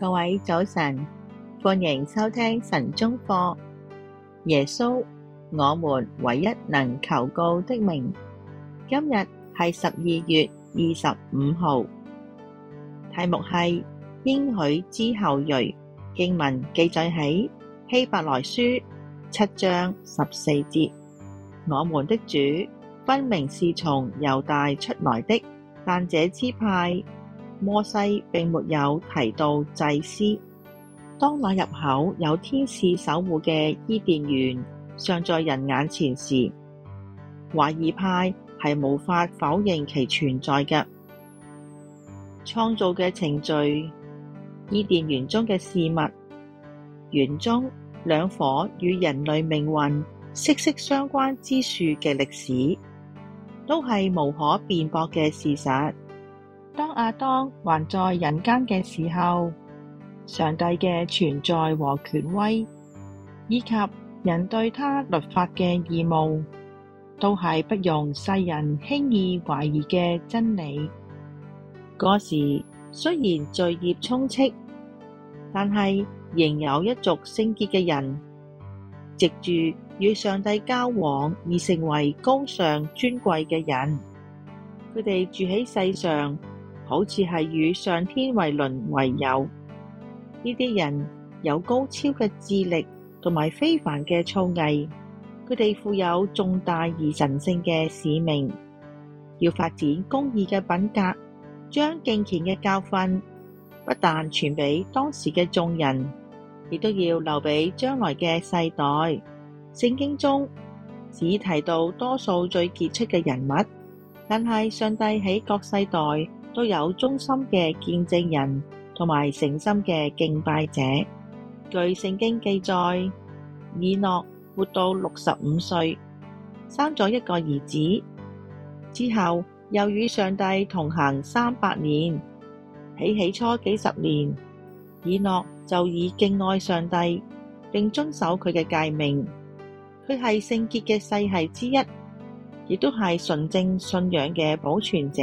各位早晨，歡迎收聽神中課。耶穌，我們唯一能求告的名。今日係十二月二十五號，題目係應許之後裔。經文記載喺希伯來書七章十四節。我們的主分明是從猶大出來的，但這支派。摩西並沒有提到祭司。當那入口有天使守護嘅伊甸園尚在人眼前時，懷疑派係無法否認其存在。嘅創造嘅程序，伊甸園中嘅事物，園中兩顆與人類命運息息相關之樹嘅歷史，都係無可辯駁嘅事實。當亞當還在人間嘅時候，上帝嘅存在和權威，以及人對他律法嘅義務，都係不容世人輕易懷疑嘅真理。嗰時雖然罪孽充斥，但係仍有一族聖潔嘅人，藉住與上帝交往而成為高尚尊貴嘅人。佢哋住喺世上。好似係與上天為鄰為友，呢啲人有高超嘅智力同埋非凡嘅造詣，佢哋負有重大而神聖嘅使命，要發展公義嘅品格，將敬虔嘅教訓不但傳俾當時嘅眾人，亦都要留俾將來嘅世代。聖經中只提到多數最傑出嘅人物，但係上帝喺各世代。都有忠心嘅見證人同埋誠心嘅敬拜者。據聖經記載，以諾活到六十五歲，生咗一個兒子，之後又與上帝同行三百年。起起初幾十年，以諾就已敬愛上帝，並遵守佢嘅誡命。佢係聖潔嘅世系之一，亦都係純正信仰嘅保存者。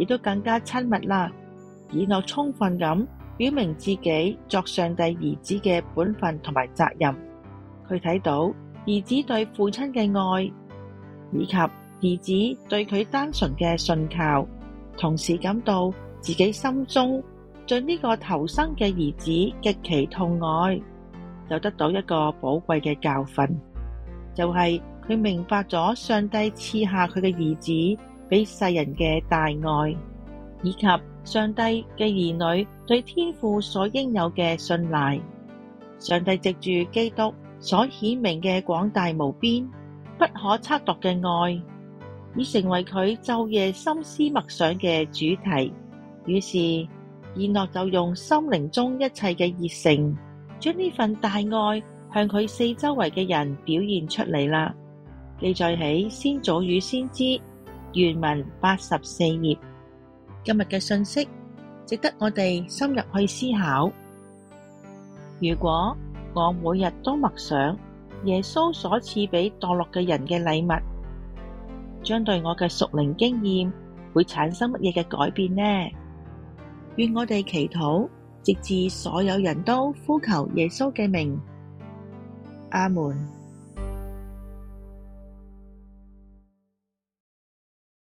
亦都更加親密啦，以諾充分咁表明自己作上帝兒子嘅本分同埋責任。佢睇到兒子對父親嘅愛，以及兒子對佢單純嘅信靠，同時感到自己心中對呢個頭生嘅兒子極其痛愛，就得到一個寶貴嘅教訓，就係、是、佢明白咗上帝賜下佢嘅兒子。俾世人嘅大愛，以及上帝嘅兒女對天父所應有嘅信賴，上帝藉住基督所顯明嘅廣大無邊、不可測度嘅愛，已成為佢晝夜心思默想嘅主題。於是，以諾就用心靈中一切嘅熱誠，將呢份大愛向佢四周圍嘅人表現出嚟啦。記載起先祖與先知。原文八十四頁，今日嘅信息值得我哋深入去思考。如果我每日都默想耶穌所賜俾墮落嘅人嘅禮物，將對我嘅屬靈經驗會產生乜嘢嘅改變呢？願我哋祈禱，直至所有人都呼求耶穌嘅名。阿門。